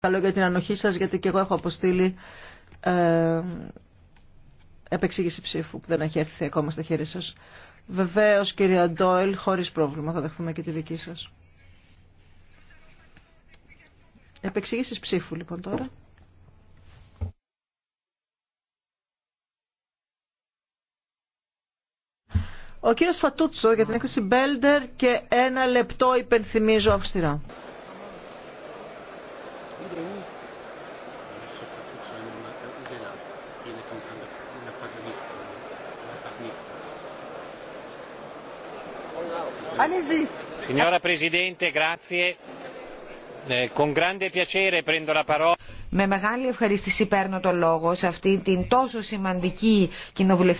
Καλό για την ανοχή σας γιατί και εγώ έχω αποστείλει ε, επεξήγηση ψήφου που δεν έχει έρθει ακόμα στα χέρια σας. Βεβαίως κυρία Ντόιλ, χωρίς πρόβλημα θα δεχθούμε και τη δική σας. Επεξήγηση ψήφου λοιπόν τώρα. Ο κύριος Φατούτσο για την έκθεση Μπέλντερ και ένα λεπτό υπενθυμίζω αυστηρά. Signora Presidente, grazie. Eh, con grande piacere prendo la parola. Με μεγάλη ευχαρίστηση παίρνω το λόγο σε αυτή την τόσο σημαντική κοινοβουλευτική